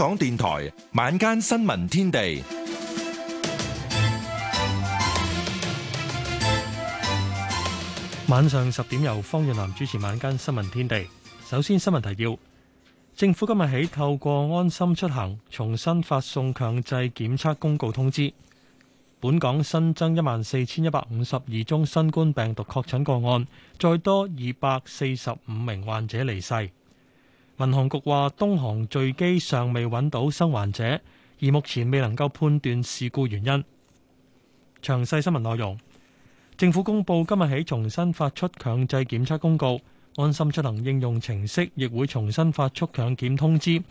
香港電台晚間新聞天地，晚上十點由方潤南主持晚間新聞天地。首先新聞提要：政府今日起透過安心出行重新發送強制檢測公告通知。本港新增一萬四千一百五十二宗新冠病毒確診個案，再多二百四十五名患者離世。民航局話，東航墜機尚未揾到生還者，而目前未能夠判斷事故原因。詳細新聞內容，政府公布今日起重新發出強制檢測公告，安心出行應用程式亦會重新發出強檢通知，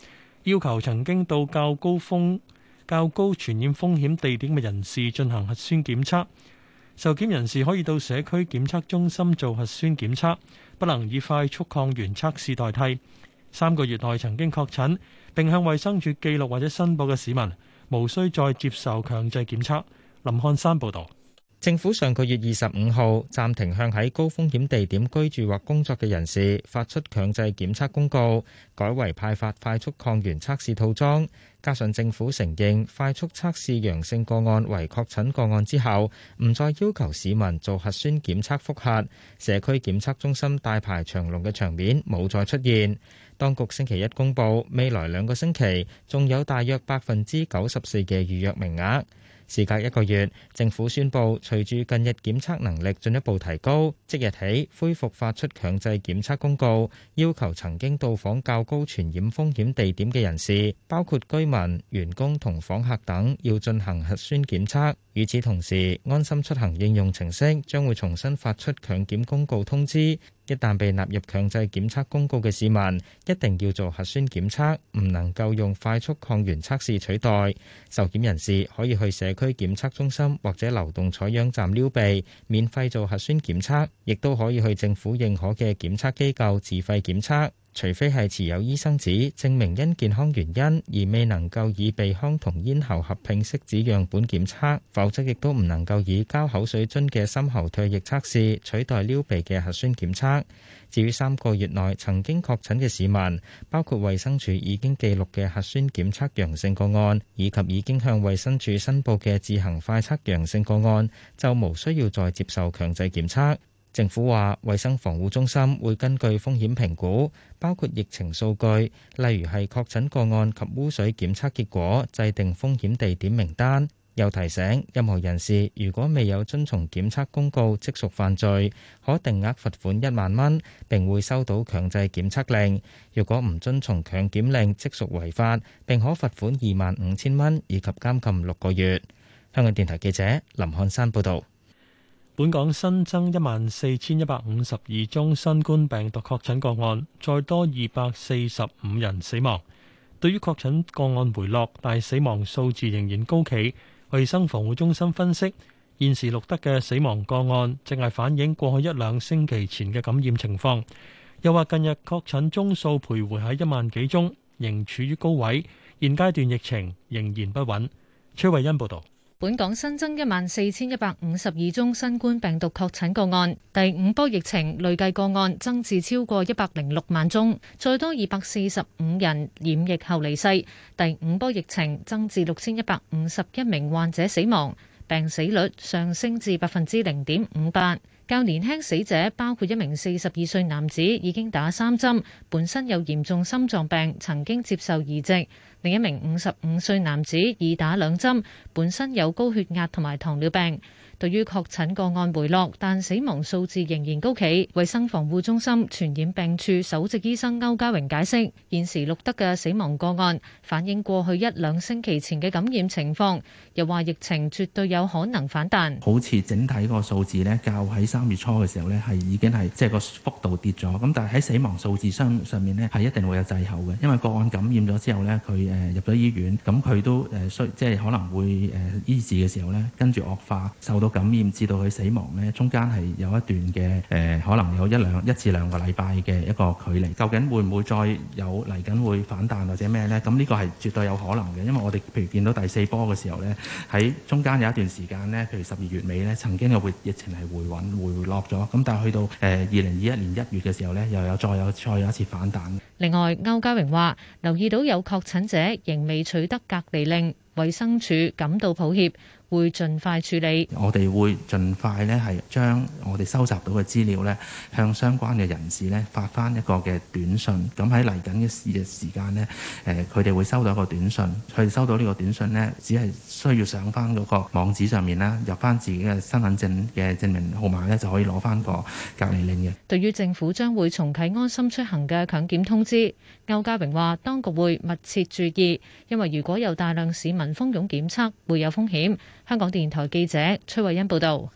要求曾經到較高風、較高傳染風險地點嘅人士進行核酸檢測。受檢人士可以到社區檢測中心做核酸檢測，不能以快速抗原測試代替。三個月內曾經確診並向衛生署記錄或者申報嘅市民，無需再接受強制檢測。林漢山報導。政府上個月二十五號暫停向喺高風險地點居住或工作嘅人士發出強制檢測公告，改為派發快速抗原測試套裝。加上政府承認快速測試陽性個案為確診個案之後，唔再要求市民做核酸檢測覆核，社區檢測中心大排長龍嘅場面冇再出現。當局星期一公佈，未來兩個星期仲有大約百分之九十四嘅預約名額。事隔一個月，政府宣布，隨住近日檢測能力進一步提高，即日起恢復發出強制檢測公告，要求曾經到訪較高傳染風險地點嘅人士，包括居民、員工同訪客等，要進行核酸檢測。與此同時，安心出行應用程式將會重新發出強檢公告通知，一旦被納入強制檢測公告嘅市民，一定要做核酸檢測，唔能夠用快速抗原測試取代。受檢人士可以去社區檢測中心或者流動採樣站撩鼻，免費做核酸檢測，亦都可以去政府認可嘅檢測機構自費檢測。除非係持有醫生紙證明因健康原因而未能夠以鼻腔同咽喉合併拭子樣本檢測，否則亦都唔能夠以膠口水樽嘅深喉唾液測試取代撩鼻嘅核酸檢測。至於三個月內曾經確診嘅市民，包括衛生署已經記錄嘅核酸檢測陽性個案，以及已經向衛生署申報嘅自行快測陽性個案，就無需要再接受強制檢測。政府話，衛生防護中心會根據風險評估，包括疫情數據，例如係確診個案及污水檢測結果，制定風險地點名單。又提醒任何人士，如果未有遵從檢測公告，即屬犯罪，可定額罰款一萬蚊，並會收到強制檢測令。若果唔遵從強檢令，即屬違法，並可罰款二萬五千蚊以及監禁六個月。香港電台記者林漢山報導。本港新增一萬四千一百五十二宗新冠病毒確診個案，再多二百四十五人死亡。對於確診個案回落，但係死亡數字仍然高企，衞生防護中心分析現時錄得嘅死亡個案，淨係反映過去一兩星期前嘅感染情況。又話近日確診宗數徘徊喺一萬幾宗，仍處於高位，現階段疫情仍然不穩。崔慧欣報道。本港新增一萬四千一百五十二宗新冠病毒確診個案，第五波疫情累計個案增至超過一百零六萬宗，再多二百四十五人染疫後離世，第五波疫情增至六千一百五十一名患者死亡，病死率上升至百分之零點五八。較年輕死者包括一名四十二歲男子，已經打三針，本身有嚴重心臟病，曾經接受移植；另一名五十五歲男子已打兩針，本身有高血壓同埋糖尿病。對於確診個案回落，但死亡數字仍然高企，衛生防護中心傳染病處首席醫生歐家榮解釋：現時錄得嘅死亡個案反映過去一兩星期前嘅感染情況。又話疫情絕對有可能反彈，好似整體個數字咧，較喺三月初嘅時候咧係已經係即係個幅度跌咗。咁但係喺死亡數字上上面咧係一定會有滯後嘅，因為個案感染咗之後咧，佢誒入咗醫院，咁佢都誒需即係可能會誒醫治嘅時候咧跟住惡化，受到。感染至到佢死亡呢，中間係有一段嘅，誒可能有一兩一至兩個禮拜嘅一個距離，究竟會唔會再有嚟緊會反彈或者咩呢？咁呢個係絕對有可能嘅，因為我哋譬如見到第四波嘅時候呢，喺中間有一段時間呢，譬如十二月尾呢，曾經嘅會疫情係回穩回落咗。咁但係去到誒二零二一年一月嘅時候呢，又有再有再有一次反彈。另外，歐家榮話留意到有確診者仍未取得隔離令。衛生署感到抱歉，會盡快處理。我哋會盡快咧，係將我哋收集到嘅資料咧，向相關嘅人士咧發翻一個嘅短信。咁喺嚟緊嘅時嘅時間咧，誒，佢哋會收到一個短信。佢哋收到呢個短信咧，只係需要上翻嗰個網址上面啦，入翻自己嘅身份證嘅證明號碼咧，就可以攞翻個隔離令嘅。對於政府將會重啟安心出行嘅強檢通知，歐家榮話，當局會密切注意，因為如果有大量市民。蜂擁檢測會有風險。香港電台記者崔慧欣報導。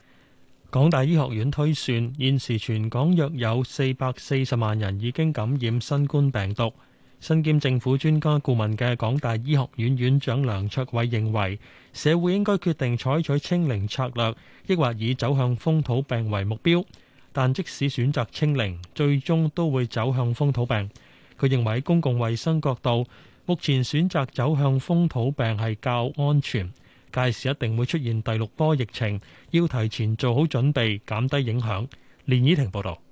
港大醫學院推算，現時全港約有四百四十萬人已經感染新冠病毒。身兼政府專家顧問嘅港大醫學院院長梁卓偉認為，社會應該決定採取清零策略，抑或以走向風土病為目標。但即使選擇清零，最終都會走向風土病。佢認為喺公共衛生角度。目前選擇走向風土病係較安全，屆時一定會出現第六波疫情，要提前做好準備，減低影響。連怡婷報道。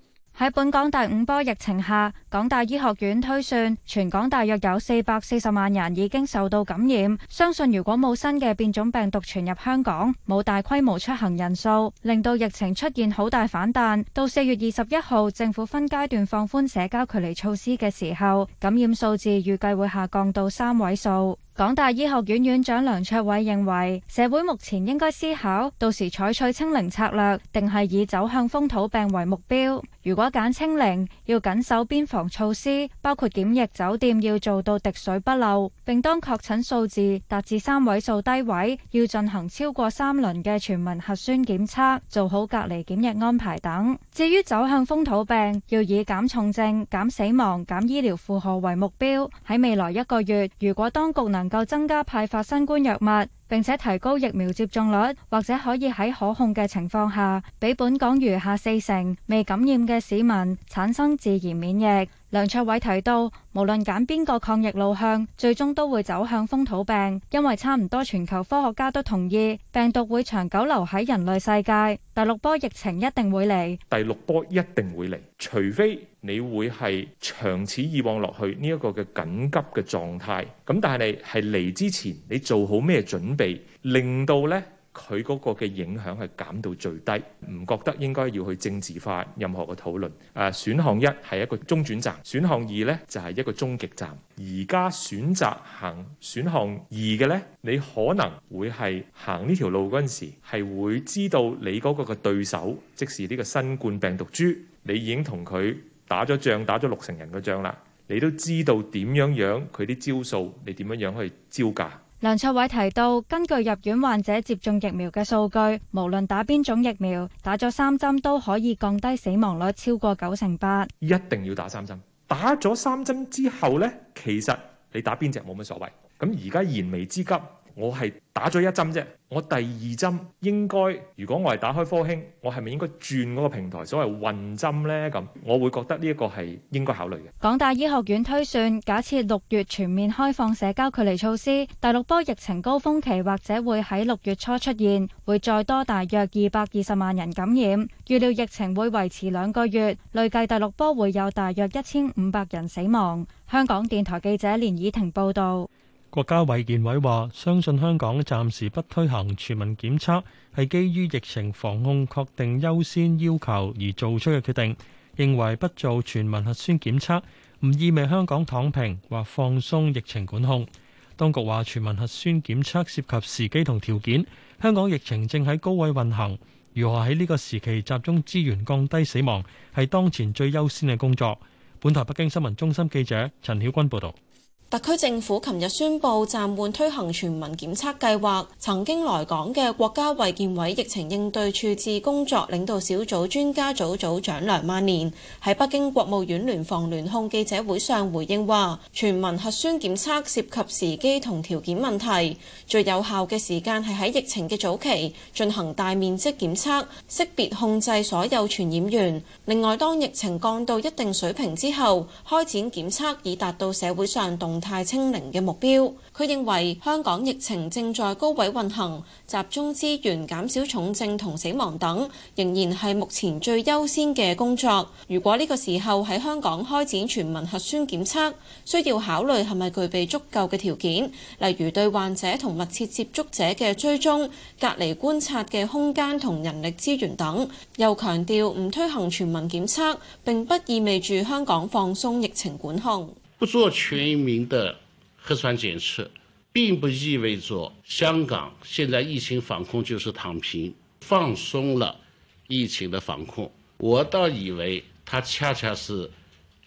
喺本港第五波疫情下，港大醫學院推算，全港大約有四百四十萬人已經受到感染。相信如果冇新嘅變種病毒傳入香港，冇大規模出行人數，令到疫情出現好大反彈。到四月二十一號，政府分階段放寬社交距離措施嘅時候，感染數字預計會下降到三位數。港大醫學院院長梁卓偉認為，社會目前應該思考到時採取清零策略，定係以走向風土病為目標。如果揀清零，要緊守邊防措施，包括檢疫酒店要做到滴水不漏，並當確診數字達至三位數低位，要進行超過三輪嘅全民核酸檢測，做好隔離檢疫安排等。至於走向風土病，要以減重症、減死亡、減醫療負荷為目標。喺未來一個月，如果當局能能夠增加派發新冠藥物。並且提高疫苗接種率，或者可以喺可控嘅情況下，俾本港餘下四成未感染嘅市民產生自然免疫。梁卓偉提到，無論揀邊個抗疫路向，最終都會走向風土病，因為差唔多全球科學家都同意病毒會長久留喺人類世界。第六波疫情一定會嚟，第六波一定會嚟，除非你會係長此以往落去呢一個嘅緊急嘅狀態。咁但係你係嚟之前，你做好咩準備？令到呢，佢嗰個嘅影響係減到最低，唔覺得應該要去政治化任何嘅討論。誒、啊，選項一係一個中轉站，選項二呢就係、是、一個終極站。而家選擇行選項二嘅呢，你可能會係行呢條路嗰陣時，係會知道你嗰個嘅對手，即是呢個新冠病毒株，你已經同佢打咗仗，打咗六成人嘅仗啦，你都知道點樣樣佢啲招數，你點樣樣去招架。梁卓偉提到，根據入院患者接種疫苗嘅數據，無論打邊種疫苗，打咗三針都可以降低死亡率超過九成八。一定要打三針，打咗三針之後呢，其實你打邊隻冇乜所謂。咁而家燃眉之急。我係打咗一針啫，我第二針應該，如果我係打開科興，我係咪應該轉嗰個平台，所謂混針呢？咁我會覺得呢一個係應該考慮嘅。港大醫學院推算，假設六月全面開放社交距離措施，第六波疫情高峰期或者會喺六月初出現，會再多大約二百二十萬人感染。預料疫情會維持兩個月，累計第六波會有大約一千五百人死亡。香港電台記者連以婷報導。國家衛健委話：相信香港暫時不推行全民檢測，係基於疫情防控確定優先要求而做出嘅決定。認為不做全民核酸檢測，唔意味香港躺平或放鬆疫情管控。當局話：全民核酸檢測涉及時機同條件，香港疫情正喺高位運行，如何喺呢個時期集中資源降低死亡，係當前最優先嘅工作。本台北京新聞中心記者陳曉君報道。特區政府琴日宣佈暫緩推行全民檢測計劃。曾經來港嘅國家衛健委疫情應對處置工作領導小組專家組組長梁萬年喺北京國務院聯防聯控記者會上回應話：全民核酸檢測涉及時機同條件問題，最有效嘅時間係喺疫情嘅早期進行大面積檢測，識別控制所有傳染源。另外，當疫情降到一定水平之後，開展檢測以達到社會上動。太清零嘅目標，佢認為香港疫情正在高位運行，集中資源減少重症同死亡等仍然係目前最優先嘅工作。如果呢個時候喺香港開展全民核酸檢測，需要考慮係咪具備足夠嘅條件，例如對患者同密切接觸者嘅追蹤隔離觀察嘅空間同人力資源等。又強調唔推行全民檢測並不意味住香港放鬆疫情管控。不做全民的核酸檢測，並不意味着香港現在疫情防控就是躺平、放鬆了疫情的防控。我倒以為它恰恰是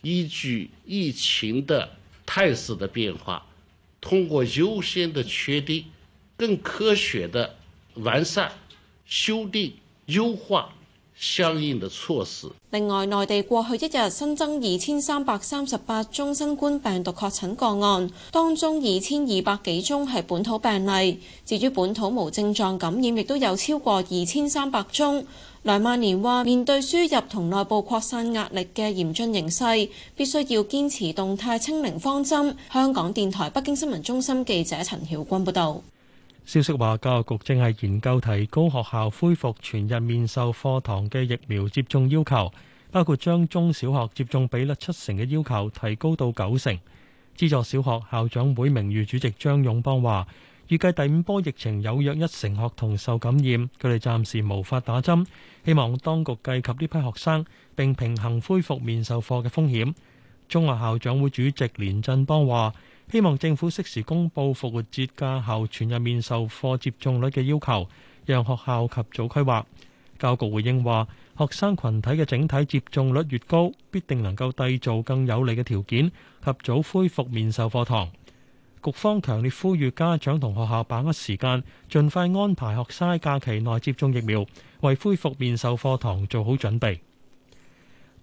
依據疫情的態勢的變化，通過優先的確定、更科學的完善、修訂、優化。相應的措施。另外，內地過去一日新增二千三百三十八宗新冠病毒確診個案，當中二千二百幾宗係本土病例。至於本土無症狀感染，亦都有超過二千三百宗。梁萬年話：面對輸入同內部擴散壓力嘅嚴峻形勢，必須要堅持動態清零方針。香港電台北京新聞中心記者陳曉君報道。消息話，教育局正係研究提高學校恢復全日面授課堂嘅疫苗接種要求，包括將中小學接種比率七成嘅要求提高到九成。資助小學校長會名譽主席張勇邦話，預計第五波疫情有約一成學童受感染，佢哋暫時無法打針。希望當局計及呢批學生，並平衡恢復面授課嘅風險。中學校長會主席連振邦話。希望政府適時公布復活節假後全日面授課接種率嘅要求，讓學校及早規劃。教局回應話，學生群體嘅整體接種率越高，必定能夠締造更有利嘅條件，及早恢復面授課堂。局方強烈呼籲家長同學校把握時間，盡快安排學生假期內接種疫苗，為恢復面授課堂做好準備。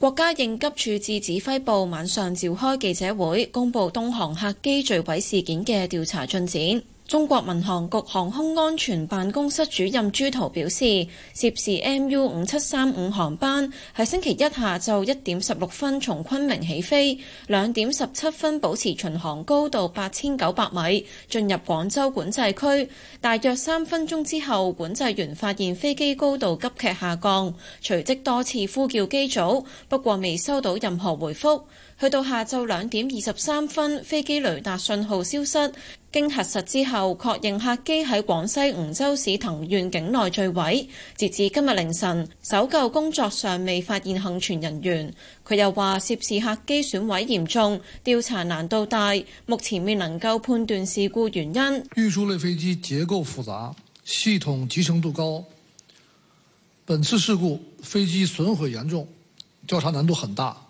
國家應急處置指揮部晚上召開記者會，公布東航客機墜毀事件嘅調查進展。中國民航局航空安全辦公室主任朱濤表示，涉事 MU 五七三五航班喺星期一下晝一點十六分從昆明起飛，兩點十七分保持巡航高度八千九百米，進入廣州管制區。大約三分鐘之後，管制員發現飛機高度急劇下降，隨即多次呼叫機組，不過未收到任何回覆。去到下晝兩點二十三分，飛機雷達信號消失。經核實之後，確認客機喺廣西梧州市藤縣境內墜毀。截至今日凌晨，搜救工作尚未發現幸存人員。佢又話：涉事客機損毀嚴重，調查難度大，目前未能夠判斷事故原因。運輸類飛機結構複雜，系統集成度高。本次事故飛機損毀嚴重，調查難度很大。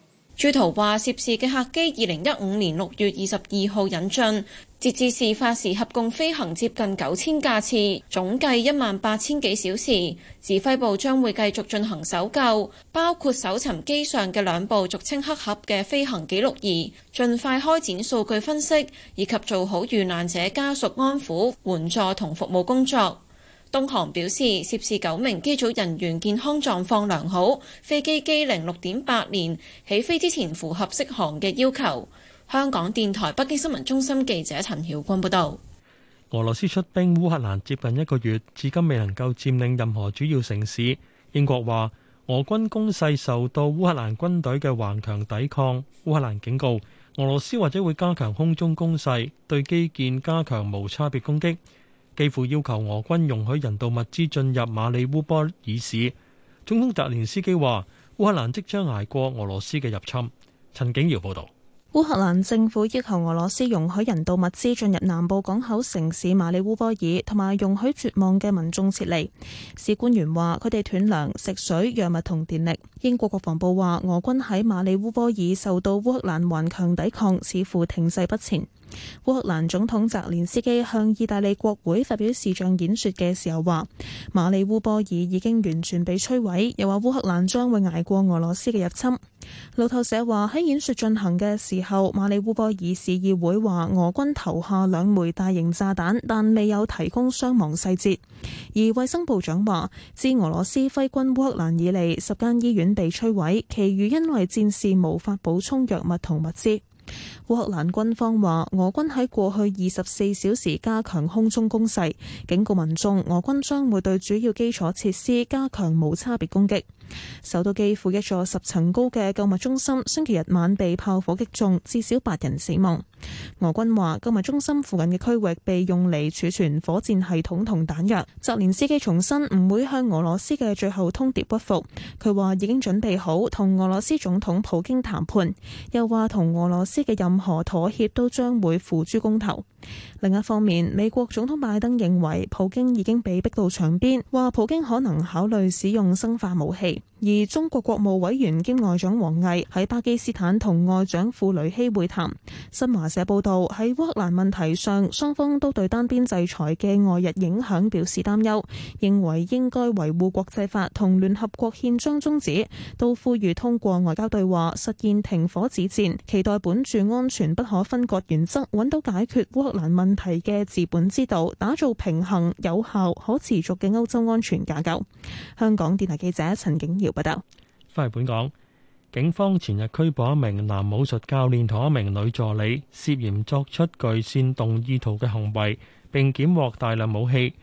朱濤話：涉事嘅客機二零一五年六月二十二號引進，截至事發時合共飛行接近九千架次，總計一萬八千幾小時。指揮部將會繼續進行搜救，包括搜尋機上嘅兩部俗稱黑盒嘅飛行記錄儀，盡快開展數據分析，以及做好遇難者家屬安撫、援助同服務工作。東航表示，涉事九名機組人員健康狀況良好，飛機機齡六點八年，起飛之前符合適航嘅要求。香港電台北京新聞中心記者陳曉君報導。俄羅斯出兵烏克蘭接近一個月，至今未能夠佔領任何主要城市。英國話，俄軍攻勢受到烏克蘭軍隊嘅頑強抵抗。烏克蘭警告，俄羅斯或者會加強空中攻勢，對基建加強無差別攻擊。幾乎要求俄軍容許人道物資進入馬里烏波爾市，總統澤連斯基話：烏克蘭即將捱過俄羅斯嘅入侵。陳景堯報道，烏克蘭政府要求俄羅斯容許人道物資進入南部港口城市馬里烏波爾，同埋容許絕望嘅民眾撤離。市官員話：佢哋斷糧、食水、藥物同電力。英國國防部話：俄軍喺馬里烏波爾受到烏克蘭頑強抵抗，似乎停滯不前。烏克蘭總統澤連斯基向意大利國會發表視像演說嘅時候話，馬里烏波爾已經完全被摧毀，又話烏克蘭將會捱過俄羅斯嘅入侵。路透社話，喺演說進行嘅時候，馬里烏波爾市議會話俄軍投下兩枚大型炸彈，但未有提供傷亡細節。而衛生部長話，自俄羅斯揮軍烏克蘭以嚟，十間醫院被摧毀，其餘因為戰事無法補充藥物同物資。烏克蘭軍方話，俄軍喺過去二十四小時加強空中攻勢，警告民眾，俄軍將會對主要基礎設施加強無差別攻擊。首都基輔一座十層高嘅購物中心星期日晚被炮火擊中，至少八人死亡。俄軍話，購物中心附近嘅區域被用嚟儲存火箭系統同彈藥。澤連斯基重申唔會向俄羅斯嘅最後通牒屈服，佢話已經準備好同俄羅斯總統普京談判，又話同俄羅斯嘅任何妥協都將會付諸公投。另一方面，美國總統拜登認為普京已經被逼到場邊，話普京可能考慮使用生化武器。而中國國務委員兼外長王毅喺巴基斯坦同外長庫雷希會談。新華社報道，喺烏克蘭問題上，雙方都對單邊制裁嘅外溢影響表示擔憂，認為應該維護國際法同聯合國憲章宗旨，都呼籲通過外交對話實現停火止戰，期待本住安全不可分割原則，揾到解決難問題嘅治本之道，打造平衡、有效、可持續嘅歐洲安全架構。香港電台記者陳景瑤報道。返嚟本港，警方前日拘捕一名男武術教練同一名女助理，涉嫌作出具煽動意圖嘅行為，並檢獲大量武器。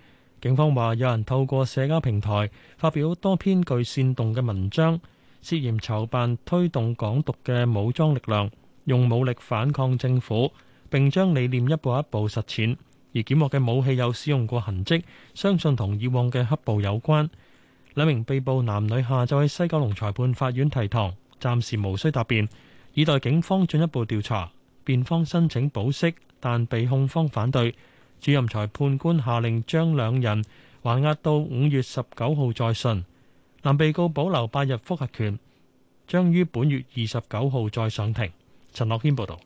警方話，有人透過社交平台發表多篇具煽動嘅文章，涉嫌籌辦推動港獨嘅武裝力量，用武力反抗政府。並將理念一步一步實踐。而檢獲嘅武器有使用過痕跡，相信同以往嘅黑暴有關。兩名被捕男女下晝喺西九龍裁判法院提堂，暫時無需答辯，以待警方進一步調查。辯方申請保釋，但被控方反對。主任裁判官下令將兩人還押到五月十九號再訊。男被告保留八日覆核權，將於本月二十九號再上庭。陳樂軒報導。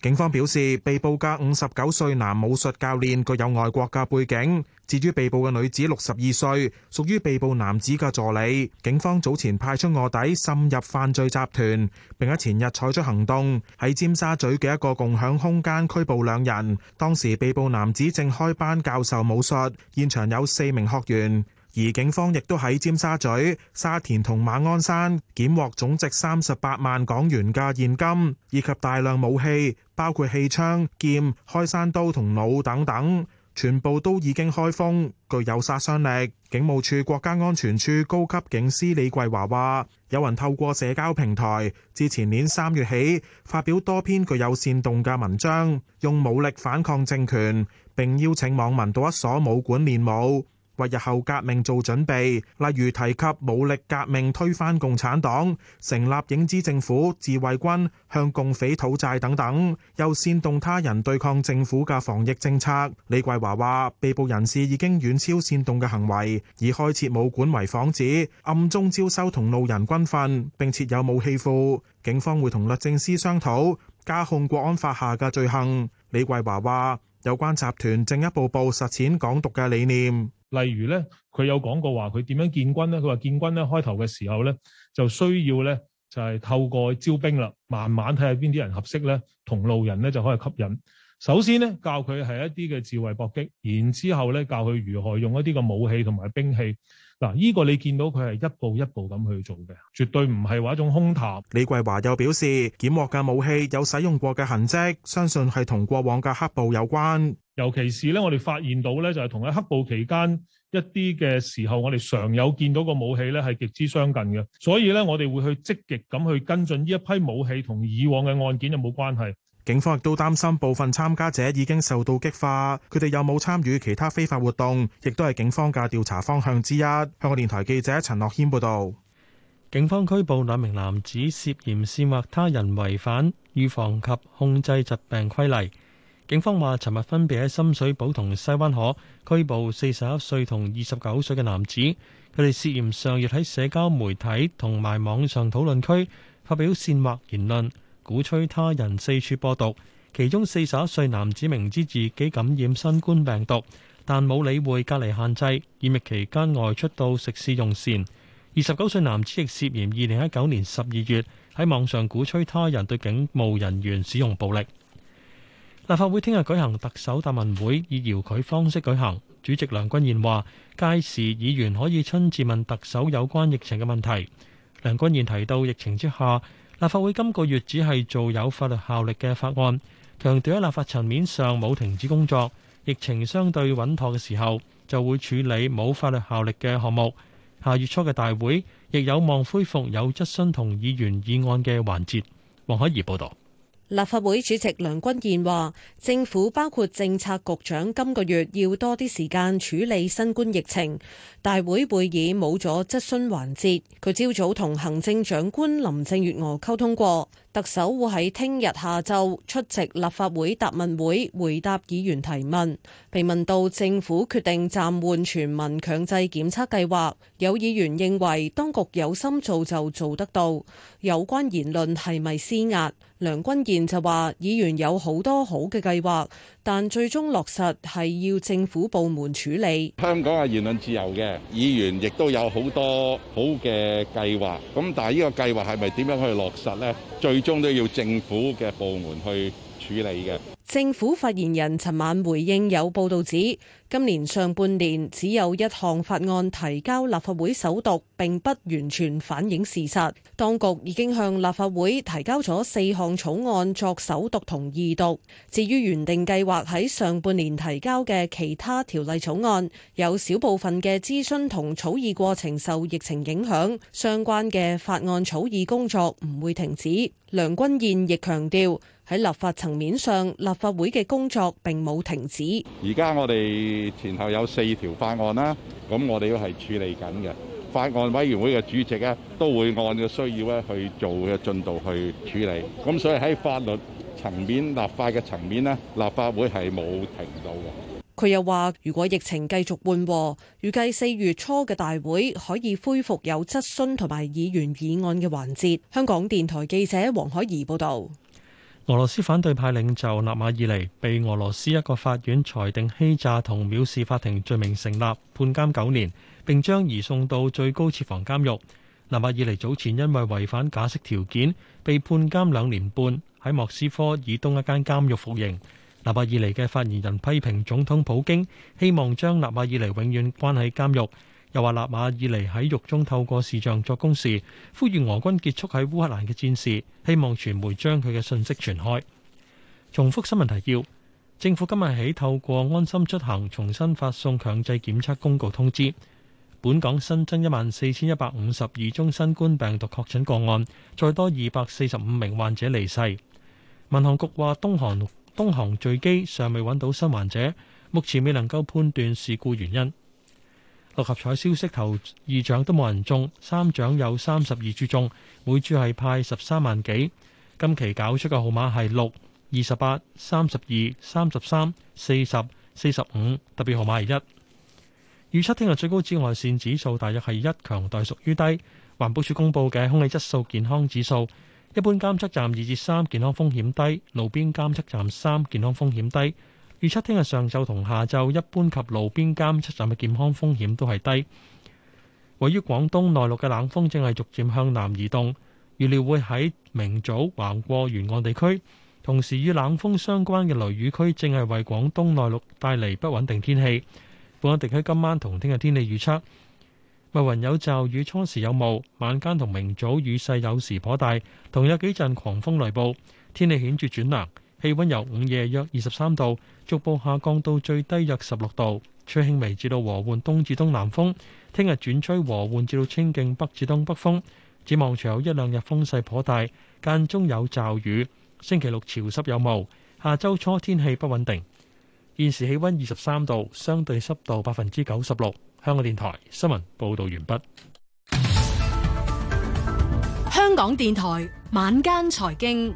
警方表示，被捕嘅五十九歲男武術教練具有外國嘅背景。至於被捕嘅女子六十二歲，屬於被捕男子嘅助理。警方早前派出臥底滲入犯罪集團，並喺前日採取行動，喺尖沙咀嘅一個共享空間拘捕兩人。當時被捕男子正開班教授武術，現場有四名學員。而警方亦都喺尖沙咀、沙田同馬鞍山檢獲總值三十八萬港元嘅現金，以及大量武器，包括氣槍、劍、開山刀同弩等等，全部都已經開封，具有殺傷力。警務處國家安全處高級警司李桂華話，有人透過社交平台自前年三月起發表多篇具有煽動嘅文章，用武力反抗政權，並邀請網民到一所武館練武。為日後革命做準備，例如提及武力革命推翻共產黨、成立影子政府、自衛軍向共匪討債等等，又煽動他人對抗政府嘅防疫政策。李桂華話，被捕人士已經遠超煽動嘅行為，以開設武館為幌子，暗中招收同路人軍訓，並設有武器庫。警方會同律政司商討加控國安法下嘅罪行。李桂華話，有關集團正一步步實踐港獨嘅理念。例如咧，佢有講過話佢點樣建軍咧？佢話建軍咧，開頭嘅時候咧，就需要咧就係透過招兵啦，慢慢睇下邊啲人合適咧，同路人咧就可以吸引。首先咧，教佢係一啲嘅智慧搏擊，然之後咧，教佢如何用一啲嘅武器同埋兵器。嗱，呢個你見到佢係一步一步咁去做嘅，絕對唔係話一種空談。李桂華又表示，檢獲嘅武器有使用過嘅痕跡，相信係同過往嘅黑暴有關。尤其是咧，我哋發現到咧，就係同喺黑暴期間一啲嘅時候，我哋常有見到個武器咧，係極之相近嘅。所以咧，我哋會去積極咁去跟進呢一批武器同以往嘅案件有冇關係，警方亦都擔心部分參加者已經受到激化，佢哋有冇參與其他非法活動，亦都係警方嘅調查方向之一。香港電台記者陳樂謙報道，警方拘捕兩名男子涉嫌煽惑他人違反預防及控制疾病規例。警方話，尋日分別喺深水埗同西灣河拘捕四十一歲同二十九歲嘅男子，佢哋涉嫌上月喺社交媒體同埋網上討論區發表煽惑言論，鼓吹他人四處播毒。其中四十一歲男子明知自己感染新冠病毒，但冇理會隔離限制，染疫期間外出到食肆用膳。二十九歲男子亦涉嫌二零一九年十二月喺網上鼓吹他人對警務人員使用暴力。立法會聽日舉行特首答問會，以遙距方式舉行。主席梁君彥話：屆時議員可以親自問特首有關疫情嘅問題。梁君彥提到，疫情之下，立法會今個月只係做有法律效力嘅法案，強調喺立法層面上冇停止工作。疫情相對穩妥嘅時候，就會處理冇法律效力嘅項目。下月初嘅大會亦有望恢復有質詢同議員議案嘅環節。黃海怡報導。立法會主席梁君彥話，政府包括政策局長今個月要多啲時間處理新冠疫情，大會會議冇咗質詢環節。佢朝早同行政長官林鄭月娥溝通過。特首會喺聽日下晝出席立法會答問會，回答議員提問。被問到政府決定暫緩全民強制檢測計劃，有議員認為當局有心做就做得到。有關言論係咪施壓？梁君彥就話：議員有好多好嘅計劃，但最終落實係要政府部門處理。香港係言論自由嘅，議員亦都有好多好嘅計劃。咁但係呢個計劃係咪點樣去落實呢？最始終都要政府嘅部門去。處理嘅政府發言人，尋晚回應有報道指，今年上半年只有一項法案提交立法會首讀，並不完全反映事實。當局已經向立法會提交咗四項草案作首讀同二讀。至於原定計劃喺上半年提交嘅其他條例草案，有少部分嘅諮詢同草擬過程受疫情影響，相關嘅法案草擬工作唔會停止。梁君彥亦強調。喺立法層面上，立法會嘅工作並冇停止。而家我哋前後有四條法案啦，咁我哋都係處理緊嘅法案委員會嘅主席咧，都會按照需要咧去做嘅進度去處理。咁所以喺法律層面、立法嘅層面呢，立法會係冇停到。佢又話：如果疫情繼續緩和，預計四月初嘅大會可以恢復有質詢同埋議員議案嘅環節。香港電台記者黃海怡報導。俄羅斯反對派領袖納馬爾尼被俄羅斯一個法院裁定欺詐同藐視法庭罪名成立，判監九年，並將移送到最高設防監獄。納馬爾尼早前因為違反假釋條件被判監兩年半，喺莫斯科以東一間監獄服刑。納馬爾尼嘅發言人批評總統普京，希望將納馬爾尼永遠關喺監獄。又話納瓦爾尼喺獄中透過視像作供時，呼籲俄軍結束喺烏克蘭嘅戰事，希望傳媒將佢嘅信息傳開。重複新聞提要：政府今日起透過安心出行重新發送強制檢測公告通知。本港新增一萬四千一百五十二宗新冠病毒確診個案，再多二百四十五名患者離世。民航局話東航東航墜機尚未揾到新患者，目前未能夠判斷事故原因。六合彩消息，頭二獎都冇人中，三獎有三十二注中，每注係派十三萬幾。今期搞出嘅號碼係六、二十八、三十二、三十三、四十、四十五，特別號碼係一。預測聽日最高紫外線指數大約係一，強度屬於低。環保署公布嘅空氣質素健康指數，一般監測站二至三，健康風險低；路邊監測站三，健康風險低。預測聽日上晝同下晝一般及路邊監測站嘅健康風險都係低。位於廣東內陸嘅冷風正係逐漸向南移動，預料會喺明早橫過沿岸地區，同時與冷風相關嘅雷雨區正係為廣東內陸帶嚟不穩定天氣。本港地區今晚同聽日天氣預測：密雲有驟雨，初時有霧，晚間同明早雨勢有時頗大，同有幾陣狂風雷暴，天氣顯著轉涼。氣溫由午夜約二十三度，逐步下降到最低約十六度，吹輕微至到和緩東至東南風。聽日轉吹和緩至到清勁北至東北風。展望隨後有一兩日風勢頗大，間中有驟雨。星期六潮濕有霧，下周初天氣不穩定。現時氣溫二十三度，相對濕度百分之九十六。香港電台新聞報道完畢。香港電台晚間財經。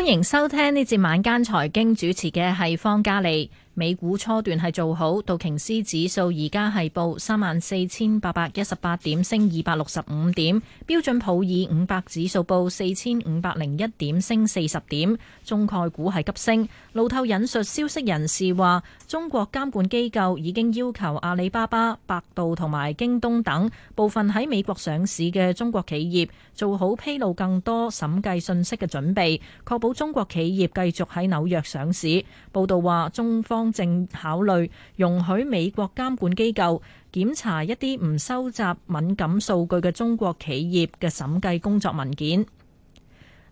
歡迎收聽呢節晚間財經，主持嘅係方嘉利。美股初段係做好，道瓊斯指數而家係報三萬四千八百一十八點，升二百六十五點；標準普爾五百指數報四千五百零一點，升四十點。中概股係急升。路透引述消息人士話，中國監管機構已經要求阿里巴巴、百度同埋京東等部分喺美國上市嘅中國企業做好披露更多審計信息嘅準備，確保中國企業繼續喺紐約上市。報道話，中方，正考慮容許美國監管機構檢查一啲唔收集敏感數據嘅中國企業嘅審計工作文件。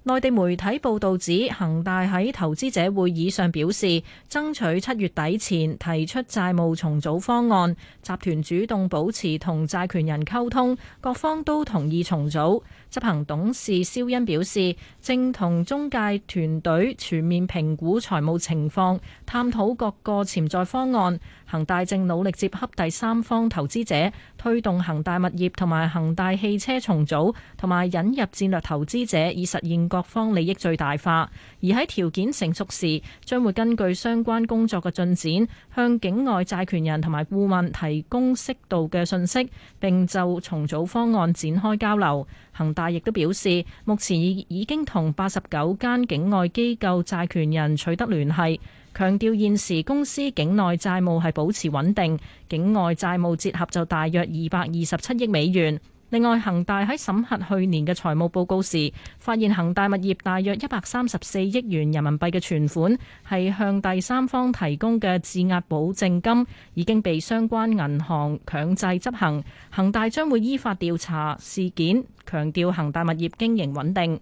內地媒體報道指，恒大喺投資者會議上表示，爭取七月底前提出債務重組方案，集團主動保持同債權人溝通，各方都同意重組。執行董事肖恩表示，正同中介團隊全面評估財務情況，探討各個潛在方案。恒大正努力接洽第三方投資者，推動恒大物業同埋恒大汽車重組，同埋引入戰略投資者，以實現各方利益最大化。而喺條件成熟時，將會根據相關工作嘅進展，向境外債權人同埋顧問提供適度嘅信息，並就重組方案展開交流。恒大亦都表示，目前已已經同八十九間境外機構債權人取得聯繫，強調現時公司境內債務係保持穩定，境外債務折合就大約二百二十七億美元。另外，恒大喺審核去年嘅財務報告時，發現恒大物業大約一百三十四億元人民幣嘅存款係向第三方提供嘅質押保證金，已經被相關銀行強制執行。恒大將會依法調查事件，強調恒大物業經營穩定。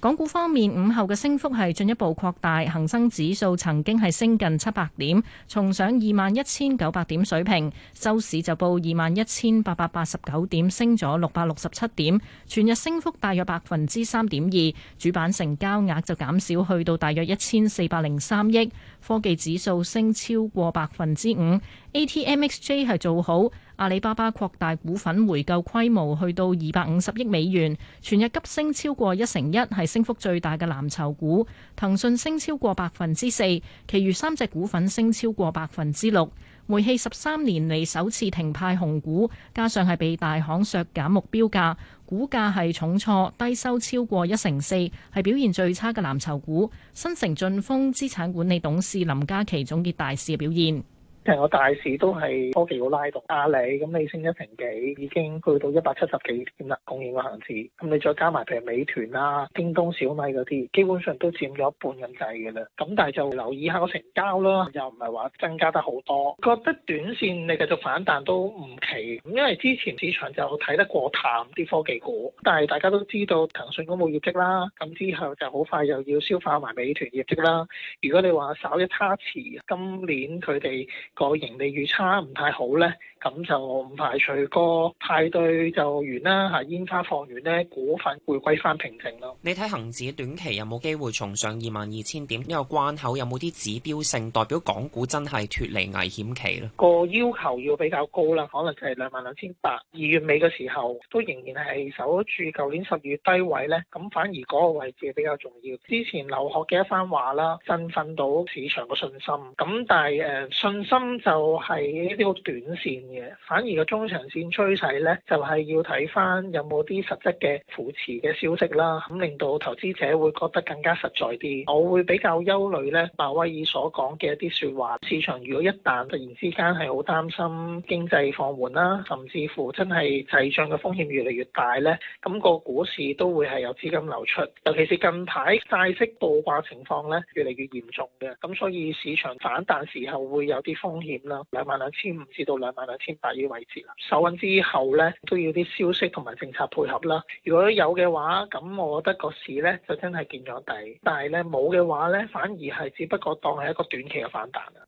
港股方面，午後嘅升幅係進一步擴大，恒生指數曾經係升近七百點，重上二萬一千九百點水平。收市就報二萬一千八百八十九點，升咗六百六十七點，全日升幅大約百分之三點二。主板成交額就減少去到大約一千四百零三億。科技指數升超過百分之五，ATMXJ 係做好，阿里巴巴擴大股份回購規模去到二百五十億美元，全日急升超過一成一，係升幅最大嘅藍籌股，騰訊升超過百分之四，其餘三隻股份升超過百分之六。煤氣十三年嚟首次停派紅股，加上係被大行削減目標價，股價係重挫，低收超過一成四，係表現最差嘅藍籌股。新城進豐資產管理董事林嘉琪總結大市嘅表現。成個大市都係科技股拉動，阿里咁你升一成幾，已經去到一百七十幾點啦，貢獻個恆指。咁你再加埋譬如美團啦、啊、京東、小米嗰啲，基本上都佔咗一半咁滯嘅啦。咁但係就留意下個成交啦，又唔係話增加得好多。覺得短線你繼續反彈都唔奇，因為之前市場就睇得過淡啲科技股，但係大家都知道騰訊公布業績啦，咁之後就好快又要消化埋美團業績啦。如果你話稍一差池，今年佢哋個盈利預差唔太好呢，咁就唔排除個派對就完啦，嚇煙花放完呢，股份會歸返平靜咯。你睇恒指短期有冇機會重上二萬二千點呢個關口？有冇啲指標性代表港股真係脫離危險期咧？個要求要比較高啦，可能就係兩萬兩千八。二月尾嘅時候都仍然係守住舊年十月低位呢。咁反而嗰個位置比較重要。之前劉學嘅一番話啦，振奮到市場個信心。咁但係誒、呃、信心。咁就係一啲好短線嘅，反而個中長線趨勢咧，就係、是、要睇翻有冇啲實質嘅扶持嘅消息啦，咁令到投資者會覺得更加實在啲。我會比較憂慮咧，鮑威爾所講嘅一啲説話，市場如果一旦突然之間係好擔心經濟放緩啦，甚至乎真係滯脹嘅風險越嚟越大咧，咁、那個股市都會係有資金流出，尤其是近排債息倒掛情況咧越嚟越嚴重嘅，咁所以市場反彈時候會有啲風險。風險啦，兩萬兩千五至到兩萬兩千八呢個位置啦。收穩之後咧，都要啲消息同埋政策配合啦。如果有嘅話，咁我覺得個市咧就真係見咗底。但係咧冇嘅話咧，反而係只不過當係一個短期嘅反彈啦。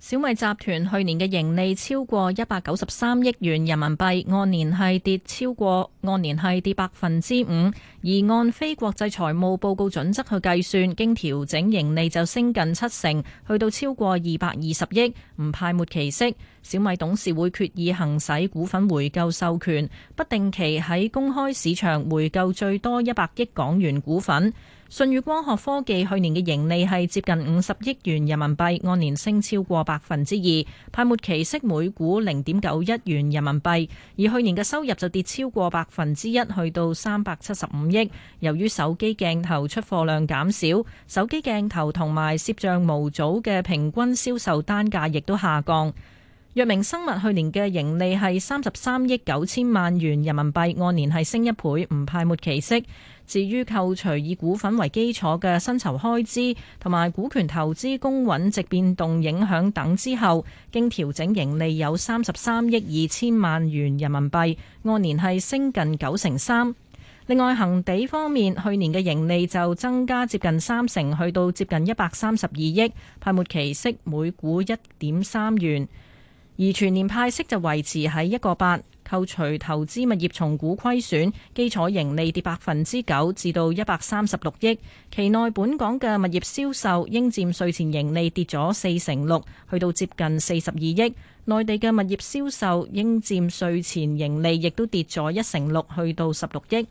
小米集團去年嘅盈利超過一百九十三億元人民幣，按年係跌超過，按年係跌百分之五，而按非國際財務報告準則去計算，經調整盈利就升近七成，去到超過二百二十億，唔派末期息。小米董事會決議行使股份回購授權，不定期喺公開市場回購最多一百億港元股份。舜宇光學科技去年嘅盈利係接近五十億元人民幣，按年升超過百分之二，派末期息每股零點九一元人民幣。而去年嘅收入就跌超過百分之一，去到三百七十五億。由於手機鏡頭出貨量減少，手機鏡頭同埋攝像模組嘅平均銷售單價亦都下降。藥明生物去年嘅盈利係三十三億九千萬元人民幣，按年係升一倍，唔派末期息。至於扣除以股份為基礎嘅薪酬開支同埋股權投資公允值變動影響等之後，經調整盈利有三十三億二千萬元人民幣，按年係升近九成三。另外，恒地方面去年嘅盈利就增加接近三成，去到接近一百三十二億，派末期息每股一點三元。而全年派息就維持喺一個八，扣除投資物業重估虧損，基礎盈利跌百分之九，至到一百三十六億。期內本港嘅物業銷售應佔稅前盈利跌咗四成六，去到接近四十二億。內地嘅物業銷售應佔稅前盈利亦都跌咗一成六，去到十六億。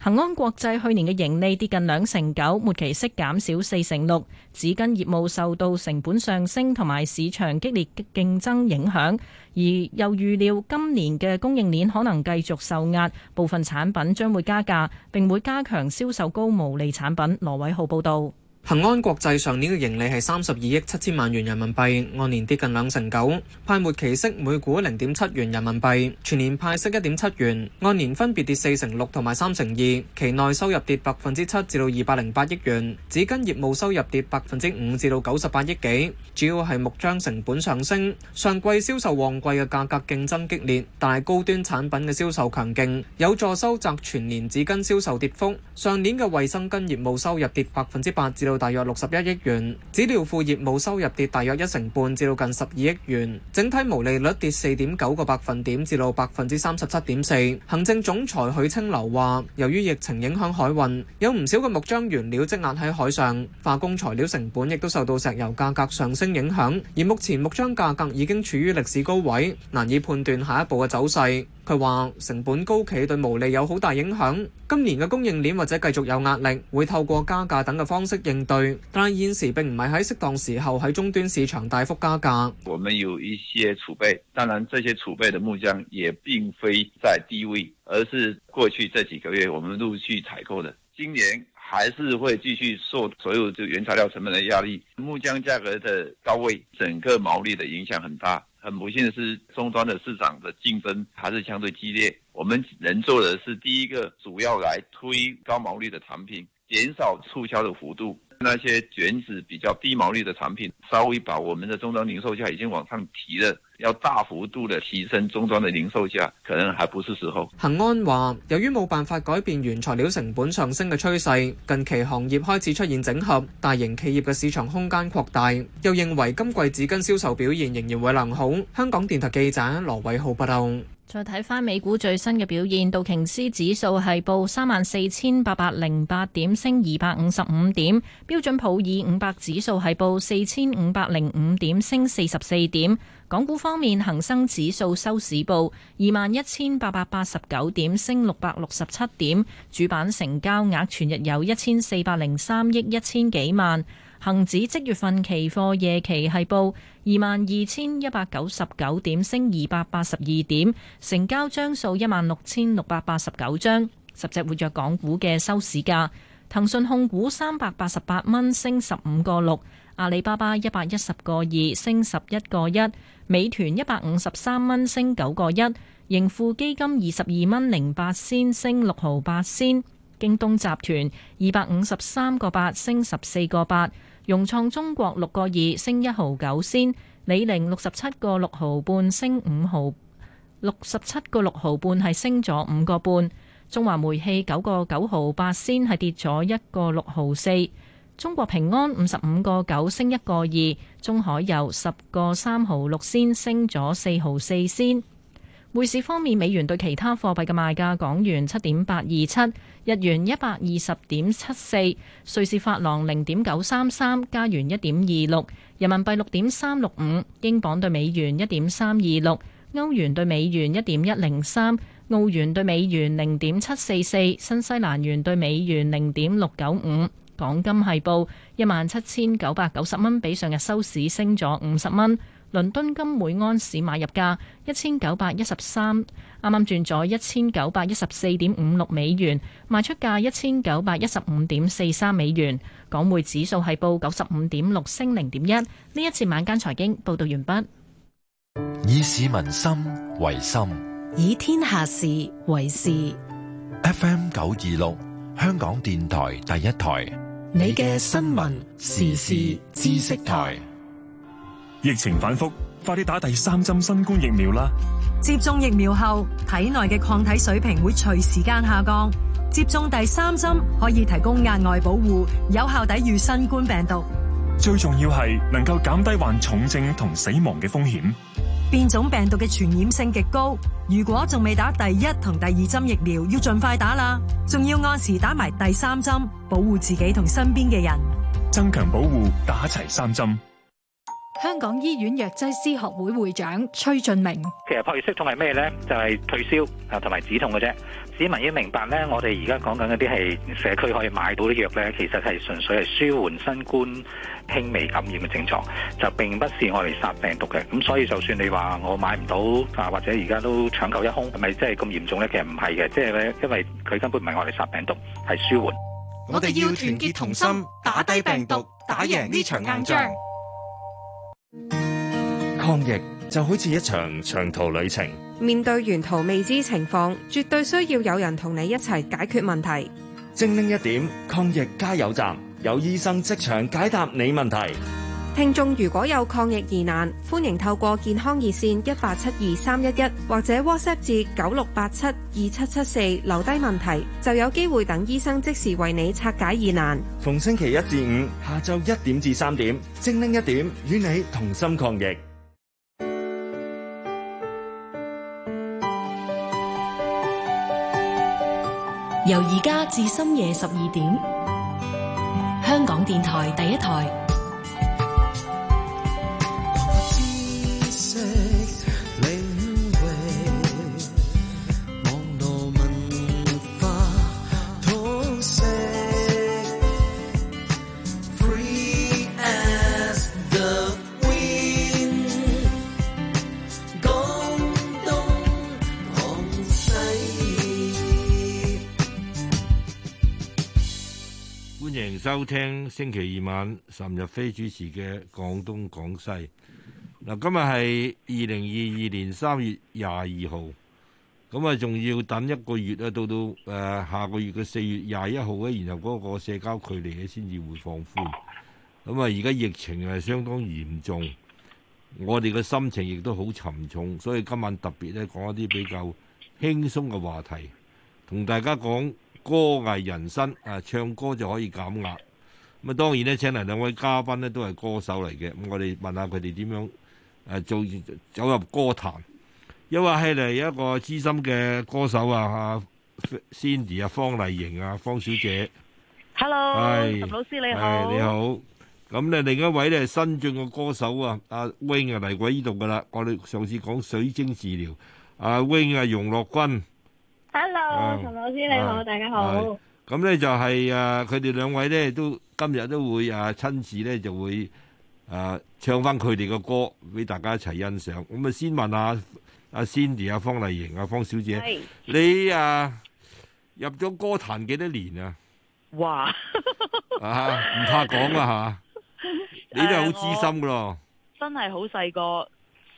恒安國際去年嘅盈利跌近兩成九，末期息減少四成六，紙巾業務受到成本上升同埋市場激烈競爭影響，而又預料今年嘅供應鏈可能繼續受壓，部分產品將會加價，並會加強銷售高毛利產品。羅偉浩報道。恒安國際上年嘅盈利係三十二億七千萬元人民幣，按年跌近兩成九，派末期息每股零點七元人民幣，全年派息一點七元，按年分別跌四成六同埋三成二，期內收入跌百分之七至到二百零八億元，紙巾業務收入跌百分之五至到九十八億幾，主要係木漿成本上升，上季銷售旺季嘅價格競爭激烈，但係高端產品嘅銷售強勁，有助收窄全年紙巾銷售跌幅。上年嘅衛生巾業務收入跌百分之八至。到大約六十一億元，紙尿褲業務收入跌大約一成半，至到近十二億元，整體毛利率跌四點九個百分點，至到百分之三十七點四。行政總裁許清流話：由於疫情影響海運，有唔少嘅木漿原料積壓喺海上，化工材料成本亦都受到石油價格上升影響，而目前木漿價格已經處於歷史高位，難以判斷下一步嘅走勢。佢話成本高企對毛利有好大影響，今年嘅供應鏈或者繼續有壓力，會透過加價等嘅方式應對，但現時並唔係喺適當時候喺終端市場大幅加價。我們有一些儲備，當然這些儲備的木漿也並非在低位，而是過去這幾個月我們陸續採購的。今年還是會繼續受所有原材料成本的壓力，木漿價格的高位，整個毛利的影響很大。很不幸的是，終端的市場的競爭還是相對激烈。我們能做的是第一個，主要來推高毛利的產品，減少促銷的幅度。那些卷紙比較低毛利的產品，稍微把我們的終端零售價已經往上提了。要大幅度的提升終端的零售價，可能還不是時候。恒安話，由於冇辦法改變原材料成本上升嘅趨勢，近期行業開始出現整合，大型企業嘅市場空間擴大。又認為今季紙巾銷售表現仍然會良好。香港電台記者羅偉浩報道。再睇翻美股最新嘅表現，道瓊斯指數係報三萬四千八百零八點，升二百五十五點；標準普爾五百指數係報四千五百零五點，升四十四點。港股方面，恒生指數收市報二萬一千八百八十九點，升六百六十七點。主板成交額全日有一千四百零三億一千幾萬。恒指即月份期貨夜期係報二萬二千一百九十九點，升二百八十二點，成交張數一萬六千六百八十九張。十隻活躍港股嘅收市價：騰訊控股三百八十八蚊，升十五個六；阿里巴巴一百一十個二，升十一個一。美團一百五十三蚊升九個一，盈富基金二十二蚊零八仙升六毫八仙，京東集團二百五十三個八升十四個八，融創中國六個二升一毫九仙，李寧六十七個六毫半升五毫，六十七個六毫半係升咗五個半，中華煤氣九個九毫八仙係跌咗一個六毫四。中國平安五十五個九升一個二，中海油十個三毫六仙升咗四毫四仙。匯市方面，美元對其他貨幣嘅賣價：港元七點八二七，日元一百二十點七四，瑞士法郎零點九三三，加元一點二六，人民幣六點三六五，英鎊兌美元一點三二六，歐元兌美元一點一零三，澳元兌美元零點七四四，新西蘭元兌美元零點六九五。港金係報一萬七千九百九十蚊，17, 比上日收市升咗五十蚊。倫敦金每安士買入價一千九百一十三，啱啱轉咗一千九百一十四點五六美元，賣出價一千九百一十五點四三美元。港匯指數係報九十五點六升零點一。呢一次晚間財經報道完畢。以市民心為心，以天下事為事。FM 九二六，香港電台第一台。你嘅新聞時事知識台，疫情反覆，快啲打第三針新冠疫苗啦！接種疫苗後，體內嘅抗體水平會隨時間下降，接種第三針可以提供額外保護，有效抵禦新冠病毒。最重要係能夠減低患重症同死亡嘅風險。變種病毒嘅傳染性極高，如果仲未打第一同第二針疫苗，要盡快打啦。仲要按時打埋第三針，保護自己同身邊嘅人，增強保護，打齊三針。香港醫院藥劑師學會會長崔俊明：其實撲熱息痛係咩呢？就係、是、退燒啊同埋止痛嘅啫。市民要明白咧，我哋而家講緊嗰啲係社區可以買到啲藥咧，其實係純粹係舒緩新冠輕微感染嘅症狀，就並不是我哋殺病毒嘅。咁所以就算你話我買唔到啊，或者而家都搶購一空，係咪真係咁嚴重咧？其實唔係嘅，即係咧，因為佢根本唔係我哋殺病毒，係舒緩。我哋要團結同心，打低病毒，打贏呢場硬仗。抗疫就好似一場長途旅程，面對沿途未知情況，絕對需要有人同你一齊解決問題。精靈一點，抗疫加油站，有醫生即場解答你問題。聽眾如果有抗疫疑難，歡迎透過健康熱線一八七二三一一，或者 WhatsApp 至九六八七二七七四留低問題，就有機會等醫生即時為你拆解疑難。逢星期一至五下晝一點至三點，精靈一點，與你同心抗疫。由而家至深夜十二點，香港電台第一台。收聽星期二晚岑日飛主持嘅廣東廣西。嗱，今日係二零二二年三月廿二號，咁啊仲要等一個月啊，到到誒、呃、下個月嘅四月廿一號咧，然後嗰個社交距離咧先至會放寬。咁啊，而家疫情係相當嚴重，我哋嘅心情亦都好沉重，所以今晚特別咧講一啲比較輕鬆嘅話題，同大家講。歌藝人生啊，唱歌就可以減壓。咁啊，當然咧，請嚟兩位嘉賓咧都係歌手嚟嘅。咁我哋問下佢哋點樣誒，做走入歌壇。因為係嚟一個資深嘅歌手啊，Cindy 啊，方麗瑩啊，方小姐。Hello。係，陳老師你好。係你好。咁咧，另一位咧係新晉嘅歌手啊，阿 Wing 啊嚟過呢度噶啦。我哋上次講水晶治療，阿 Wing 啊，容樂君。Hello，陳老師、啊、你好，大家好。咁咧就係、是、誒，佢哋兩位咧都今日都會啊，親自咧就會啊唱翻佢哋嘅歌俾大家一齊欣賞。咁啊，先、啊、問下阿 Cindy 啊方麗，方麗瑩啊，方小姐，是你啊入咗歌壇幾多年啊？哇！啊，唔哇、 啊、怕講啊吓， 你都係好資深噶咯。呃、真係好細個，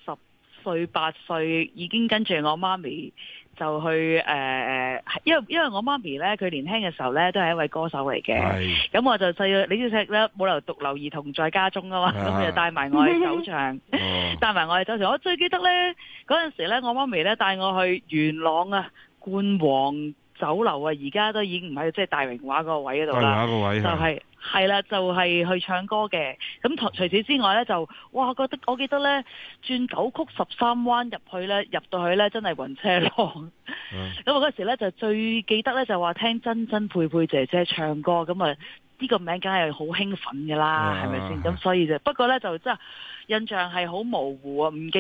十歲八歲已經跟住我媽咪。就去誒誒，因、呃、為因為我媽咪咧，佢年輕嘅時候咧，都係一位歌手嚟嘅。係的。咁我就細個，你知唔知咧，冇留獨留兒童在家中啊嘛，咁就帶埋我去走場， 帶埋我去走場。我最記得咧嗰陣時咧，我媽咪咧帶我去元朗啊冠皇酒樓啊，而家都已經唔喺即係大榮華嗰個位嗰度啦，大榮華個位就係、是。係啦，就係、是、去唱歌嘅。咁除除此之外咧，就哇，覺得我記得咧，轉九曲十三彎入去咧，入到去咧真係暈車咯。咁、嗯、 我那時咧就最記得咧就話聽珍珍佩佩姐姐唱歌，咁啊呢個名梗係好興奮噶啦，係咪先？咁所以就不過咧就真係印象係好模糊啊，唔記。